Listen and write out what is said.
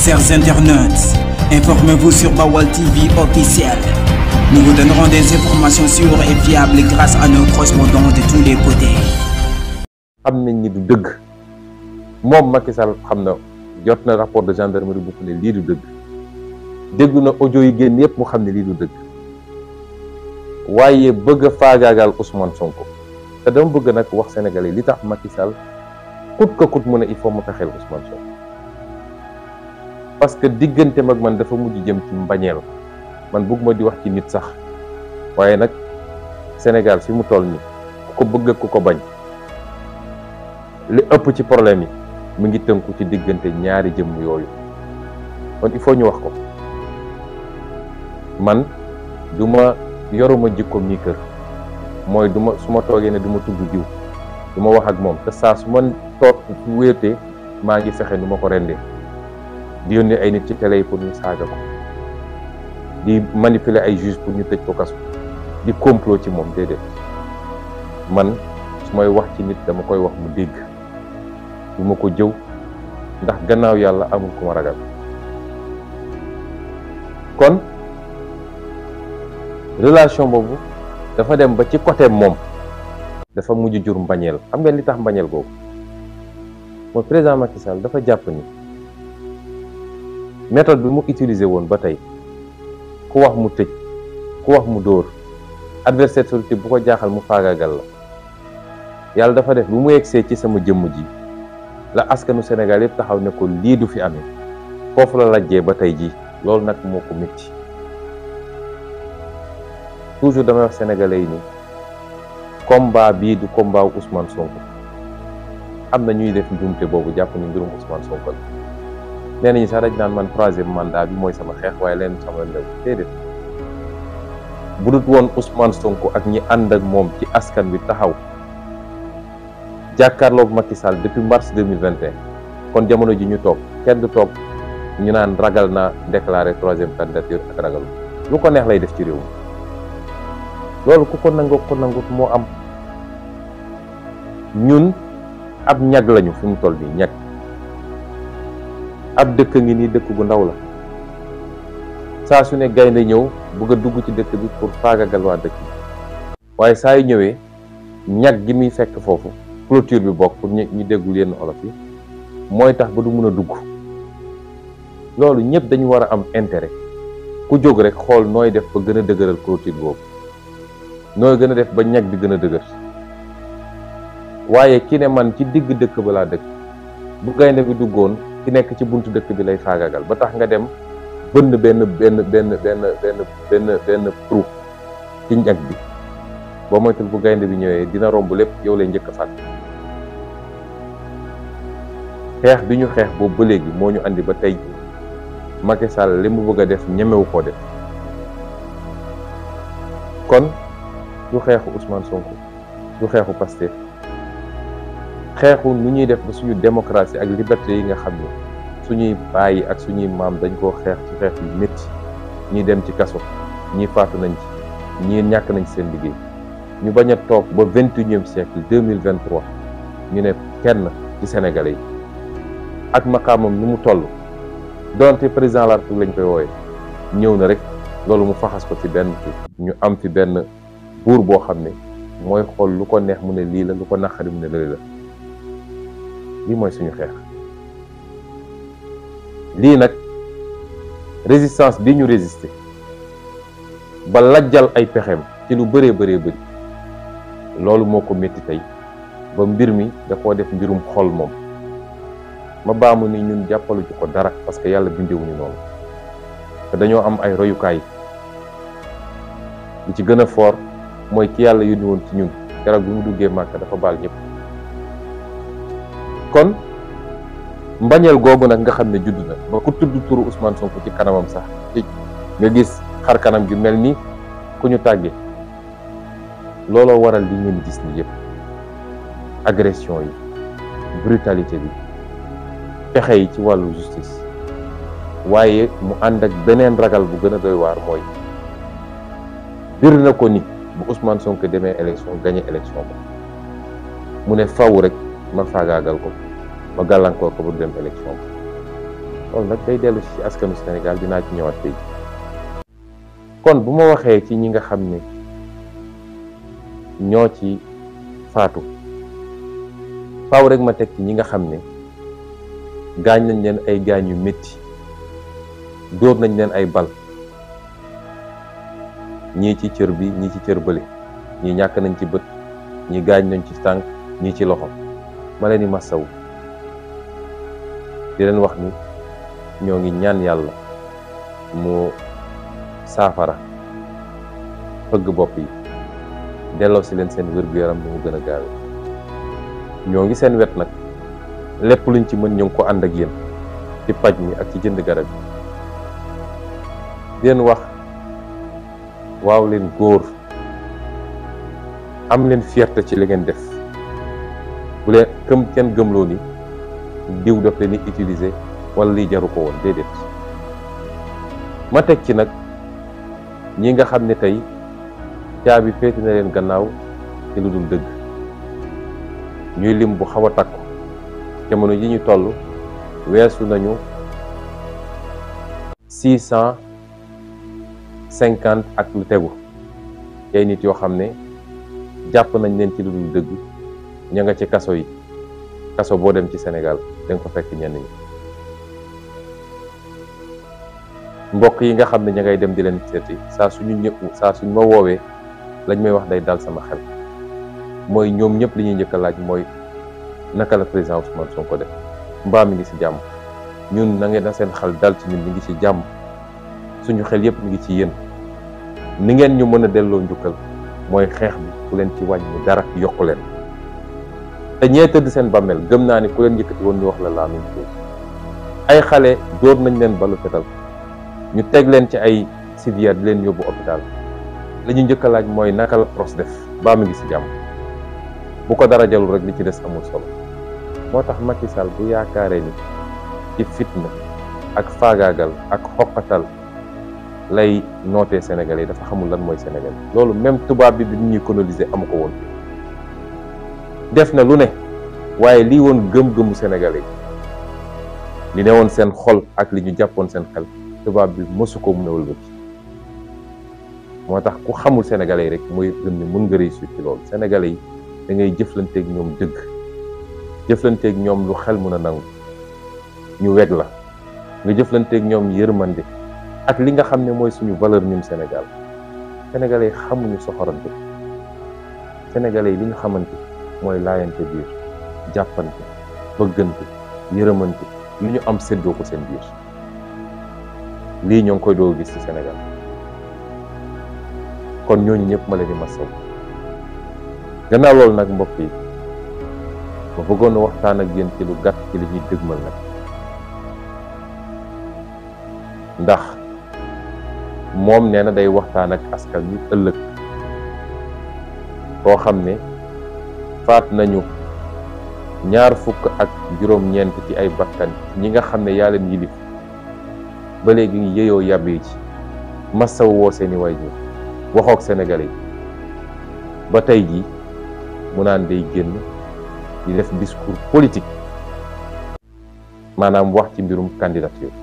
Chers internautes, informez-vous sur Bawal TV officiel. Nous vous donnerons des informations sûres et fiables grâce à nos correspondants de tous les côtés. xam nañ ni du dëgg moom Macky Sall xam rapport de gendarmerie bu ko ne lii du dëgg déglu audio yi génn yépp mu xam ne lii du dëgg waaye bëgg a faagaagal Ousmane Sonko te dama bëgg nag wax sénégalais li tax Macky Sall coûte que coûte mu ne il faut mu fexeel Ousmane Sonko. parce que digënté mag man dafa mujj jëm ci mbagnel man bëgguma di wax ci nit sax waaye nak Sénégal fi mu toll ni ko bëgg ku ko bañ li ëpp ci problème yi mu ngi tënku ci digënté ñaari jëm yoyu kon il faut ñu wax ko man duma yoruma jikko mi kër moy duma suma su né duma tuddu du ma jiw wax ak mom té sa su ngi fexé ko rendé di ne ay nit ci télé yi pour ñu saga ko di manipuler ay juge pour ñu tej ko kasso di complot ci mom man su may wax ci nit dama koy wax mu dégg bu mako jëw ndax gannaaw yalla amul kuma ragal kon relation bobu dafa dem ba ci côté mom dafa muju jur mbagnel xam nga li tax mbagnel gog mo président Macky Sall dafa japp ni méthode bi mu utiliser woon ba tey ku wax mu tëj ku wax mu dóor adversaire politique bu ko jaaxal mu faagaagal la yàlla dafa def bu mu yegsee ci sama jëmm ji la askanu senegal yëpp taxaw ne ko lii du fi amee foofu la lajjee ba tey ji loolu nag moo ko métti toujours damay wax sénégalais yi ni combat bii du combat wu Ousmane am na ñuy def njuumte boobu jàpp ni mbirum Ousmane Sonko la nee ñi sax dañ naan man troisième mandat bi mooy sama xeex waaye leen sama néew déedéet bu dut woon Ousmane Sonko ak ñi ànd ak moom ci askan wi taxaw jàkkaarloog Macky Sall depuis mars 2021 kon jamono ji ñu toog kenn toog ñu naan ragal na déclarer troisième candidature ak ragal lu ko neex lay def ci réew mi loolu ku ko nangoo ko nangut moo am ñun ab ñag lañu fi mu toll nii ñag ab dëkk ngi nii dëkk bu ndaw la saa su ne gaynde ñëw bëgg a dugg ci dëkk bi pour faagagal waa dëkk bi waaye saa yu ñëwee ñag gi muy fekk foofu clôture bi bokk pour ñu déggul yenn olof yi mooy tax ba du mun a dugg loolu ñëpp dañu war a am intérêt ku jóg rek xool nooy def ba gën a dëgëral clôture boobu nooy gën a def ba ñag bi gën a dëgër waaye ki ne man ci digg dëkk ba laa dëkk bu gaynde bi duggoon ki nek ci buntu dekk bi lay fagagal ba tax nga dem bënd ben ben ben ben ben ben ben trou ci njag bi boo moytul bu gaynde bi ñëwé dina rombu lepp yow lay ñëk a xex bi ñu xeex boobu ba ñu andi ba tay Macky Sall limu bëgg def ñemewu ko def kon du xexu Ousmane Sonko du xexu Pasteur xeexu nu ñuy def ba suñu démocratie ak liberté yi nga xam ne suñuy bàyyi ak suñuy maam dañ koo xeex ci xeex yu métti ñi dem ci kaso ñi faatu nañ ci ñi ñàkk nañ seen liggéey ñu bañ a toog ba vingt et unième siècle mille vingt ñu ne kenn ci Sénégalais yi ak maqaamam nu mu toll doonte président la République lañ koy wooye ñëw na rek loolu mu faxas ko ci benn kii ñu am fi benn buur boo xam ne mooy xool lu ko neex mu ne lii la lu ko naqari mu ne lële la lima moy suñu xex li nak résistance bi ñu résister ba lajjal ay pexem ci lu bëree bëree bëri loolu moko metti tay ba mbir mi da ko def mbirum xol mom ma baamu ni ñun jappalu ci ko dara parce que yàlla bindewuñu non da dañoo am ay royukaay li ci gëna fort ki yalla yónni won ci ñun dara mu duggé makka dafa bal kon mbañeel googu nag nga xam ne judd na ba ku tudd turu usmaan Sonko ci kanamam sax nga gis xar kanam ju mel ni ku ñu tàggee looloo waral li ngeen gis ni yëpp agression yi brutalité bi pexe yi ci wàllu justice waaye mu ànd ak beneen ragal bu gën a doy waar mooy bir na ko ni bu Ousmane Sonko demee élection gagné élection ba mu ne faw rek ma faagaagal ko ma gàllankoor ko bu dem élection loolu nag day dellu si askanu Sénégal dinaa ci ñëwaat tey kon bu ma waxee ci ñi nga xam ne ñoo ci faatu faaw rek ma teg ci ñi nga xam ne nañ leen ay gaañ yu métti dóor nañ leen ay bal ñii ci cër bi ñii ci cër bële ñii ñàkk nañ ci bët ñii gaañ nañ ci tànk ñii ci loxo ma leen di masaw di len wax ni ñoo ngi ñaan yalla mu safara bëgg bop yi delo ci len seen wér yaram mu gëna a gaawe ñoo ngi seen wét nak lepp luñ ci mën ñong ko and ak yeen ci paj mi ak ci jënd garab di wax waaw leen goor am leen fierté ci li ngeen def bu leen këm kenn gëmloo ni diw daf leen di wala lii jaru ko woon déedéet ma teg ci nag ñi nga xam ne tey caabi féeti na leen gannaaw ci lu dul dëgg ñuy lim bu xaw a takku jamono yi ñu toll weesu nañu six cent cinquante ak lu tegu ay nit yoo xam ne jàpp nañ leen ci lu dul dëgg ña nga ci kaso yi kaso boo dem ci Sénégal da ko fekk ñenn ñi mbokk yi nga xam ne ña ngay dem di leen seeti saa suñu ñëpp saa suñu ma woowee lañ may wax day dal sama xel mooy ñoom ñëpp li ñuy njëkk a laaj mooy naka la président Ousmane ko def mbaa mi ngi si jàmm ñun na ngeen na seen xel dal ci ñun mi ngi si jàmm suñu xel yëpp mi ngi ci yéen ni ngeen ñu mën a delloo njukkal mooy xeex bi ku leen ci wàññi dara yokku leen te ñee tëdd seen bàmmeel gëm naa ni ku leen yëkkati woon ñu wax la la même ay xale dóor nañ leen balu fetal ñu teg leen ci ay civière di leen yóbbu hôpital li ñu njëkk a laaj mooy naka la pros def baa mu ngi si jàmm bu ko dara jalul rek li ci des amul solo moo tax Macky Sall bu yaakaaree ni ci fitna ak faagaagal ak xoqatal lay nootee Sénégalais dafa xamul lan mooy Sénégal loolu même tubaab bi bi ñuy coloniser amu ko woon def na lu ne waaye lii woon gëm-gëmu senegale yi li ne woon seen xol ak li ñu jàppoon seen xel tubaab bi mësu ko mun a wëlbati moo tax ku xamul Sénégalais yi rek mooy gëm ni mun nga réussir ci loolu Sénégalais yi da jëflanteeg ñoom dëgg jëflanteeg ñoom lu xel mun a nangu ñu weg la nga jëflanteeg ñoom bi ak li nga xam ne mooy suñu valeur ñun senegal sénégalais yi xamuñu soxorante sénégalais yi li nga xamante. mooy laayante biir jàppante bëggante yërëmante lu ñu am seddoo ko seen biir lii ñoo ngi koy doo gis ci senegal kon ñooñu ñëpp ma leen di masaw gannaaw loolu nag mbokk yi ma bëggoon waxtaan ak yéen ci gàtt ci li ñuy dëgmal nag ndax moom nee na day waxtaan ak askan wi ëllëg koo xam ne faat nañu ñaar fukk ak juróom-ñeent ci ay bakkan ñi nga xam ne yaa leen yilif ba léegi ngi yeyoo yàbb yi ci massaw woo seeni waajur waxoog Sénégalais yi ba tey ji mu naan day génn di def discours politique maanaam wax ci mbirum candidature